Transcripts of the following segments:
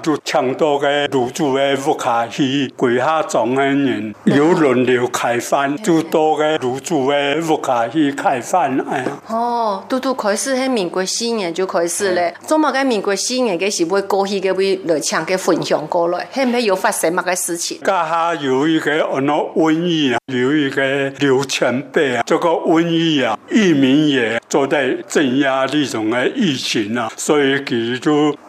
就搶到嘅入住的屋企去跪下中嘅人，又輪流開飯，欸、就到嘅入住的屋企去開飯啊！哦，都都開始喺民國四年就開始咧，仲麼？喺民國四年嘅時會過去嘅會嚟搶嘅分享過來，係、嗯、是又發生乜個事情？家下有一個嗰個瘟疫啊，有一個流感病啊，這個瘟疫啊，義民也做在鎮壓呢種的疫情啊，所以佢就。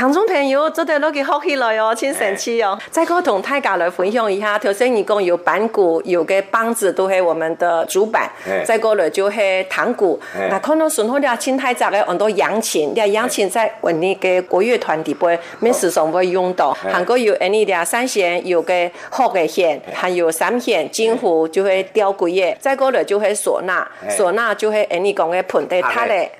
唐中朋友做得攞佢好起來哦，真神奇哦！再個同大家來分享一下，頭先你講有板鼓，有嘅梆子都係我們的主板。再個咧就係堂鼓，那可能順乎啲啊，太雜嘅好多洋琴，啲洋琴在我哋嘅國樂團底部，每時每刻用到。韓國有誒你啲三弦有嘅好嘅弦，還有三弦、京胡就會吊鼓嘅，再個咧就會嗩呐，嗩呐就係誒你講的盆底塔的。